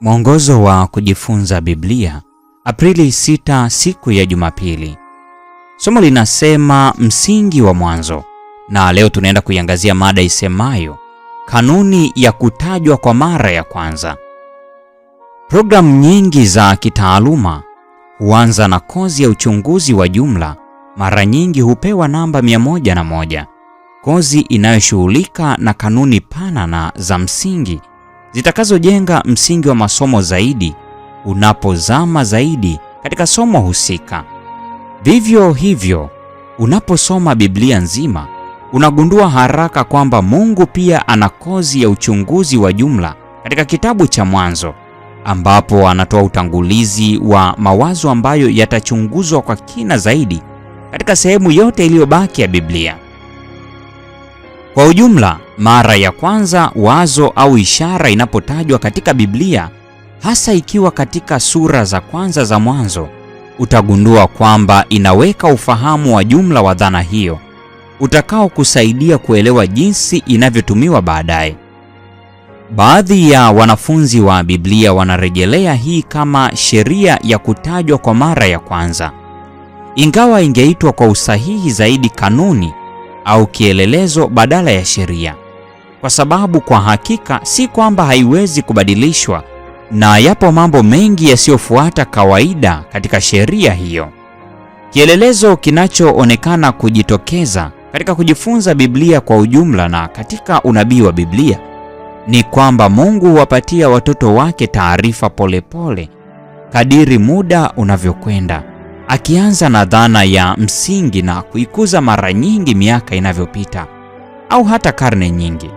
Mwongozo wa kujifunza Biblia, Aprili 6, siku ya Jumapili. Somo linasema msingi wa mwanzo, na leo tunaenda kuiangazia mada isemayo kanuni ya kutajwa kwa mara ya kwanza. Programu nyingi za kitaaluma huanza na kozi ya uchunguzi wa jumla, mara nyingi hupewa namba 101, kozi inayoshughulika na kanuni pana na za msingi zitakazojenga msingi wa masomo zaidi unapozama zaidi katika somo husika. Vivyo hivyo, unaposoma Biblia nzima unagundua haraka kwamba Mungu pia ana kozi ya uchunguzi wa jumla katika kitabu cha Mwanzo ambapo anatoa utangulizi wa mawazo ambayo yatachunguzwa kwa kina zaidi katika sehemu yote iliyobaki ya Biblia. Kwa ujumla, mara ya kwanza wazo au ishara inapotajwa katika Biblia, hasa ikiwa katika sura za kwanza za Mwanzo, utagundua kwamba inaweka ufahamu wa jumla wa dhana hiyo utakaokusaidia kuelewa jinsi inavyotumiwa baadaye. Baadhi ya wanafunzi wa Biblia wanarejelea hii kama sheria ya kutajwa kwa mara ya kwanza, ingawa ingeitwa kwa usahihi zaidi kanuni au kielelezo badala ya sheria, kwa sababu kwa hakika si kwamba haiwezi kubadilishwa, na yapo mambo mengi yasiyofuata kawaida katika sheria hiyo. Kielelezo kinachoonekana kujitokeza katika kujifunza Biblia kwa ujumla na katika unabii wa Biblia ni kwamba Mungu huwapatia watoto wake taarifa polepole kadiri muda unavyokwenda akianza na dhana ya msingi na kuikuza mara nyingi miaka inavyopita au hata karne nyingi.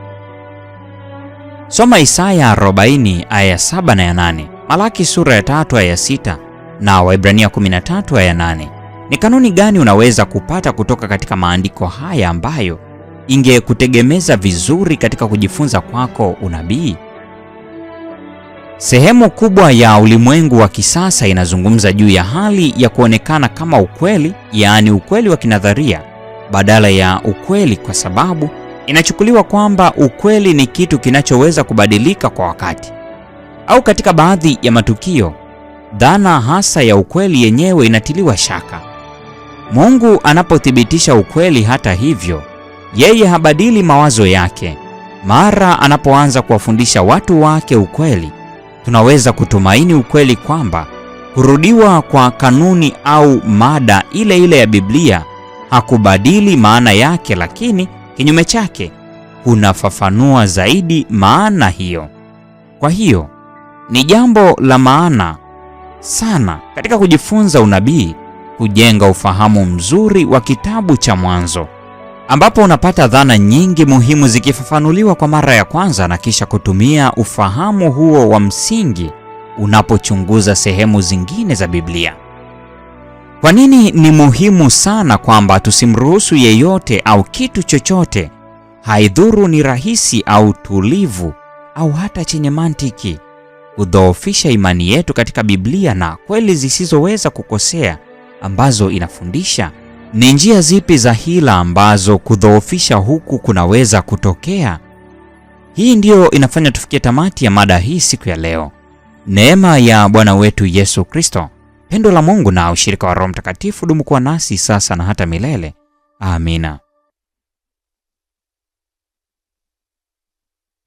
Soma Isaya 40 aya 7 na ya 8, Malaki sura ya 3 aya 6 na Waibrania 13 aya 8. Ni kanuni gani unaweza kupata kutoka katika maandiko haya ambayo ingekutegemeza vizuri katika kujifunza kwako unabii? Sehemu kubwa ya ulimwengu wa kisasa inazungumza juu ya hali ya kuonekana kama ukweli, yaani ukweli wa kinadharia badala ya ukweli, kwa sababu inachukuliwa kwamba ukweli ni kitu kinachoweza kubadilika kwa wakati au katika baadhi ya matukio. Dhana hasa ya ukweli yenyewe inatiliwa shaka. Mungu anapothibitisha ukweli, hata hivyo, yeye habadili mawazo yake. Mara anapoanza kuwafundisha watu wake ukweli tunaweza kutumaini ukweli kwamba kurudiwa kwa kanuni au mada ile ile ya Biblia hakubadili maana yake, lakini kinyume chake kunafafanua zaidi maana hiyo. Kwa hiyo ni jambo la maana sana katika kujifunza unabii kujenga ufahamu mzuri wa kitabu cha Mwanzo ambapo unapata dhana nyingi muhimu zikifafanuliwa kwa mara ya kwanza na kisha kutumia ufahamu huo wa msingi unapochunguza sehemu zingine za Biblia. Kwa nini ni muhimu sana kwamba tusimruhusu yeyote au kitu chochote, haidhuru ni rahisi au tulivu au hata chenye mantiki, kudhoofisha imani yetu katika Biblia na kweli zisizoweza kukosea ambazo inafundisha? Ni njia zipi za hila ambazo kudhoofisha huku kunaweza kutokea? Hii ndiyo inafanya tufikie tamati ya mada hii siku ya leo. Neema ya Bwana wetu Yesu Kristo, pendo la Mungu na ushirika wa Roho Mtakatifu dumu kuwa nasi sasa na hata milele. Amina.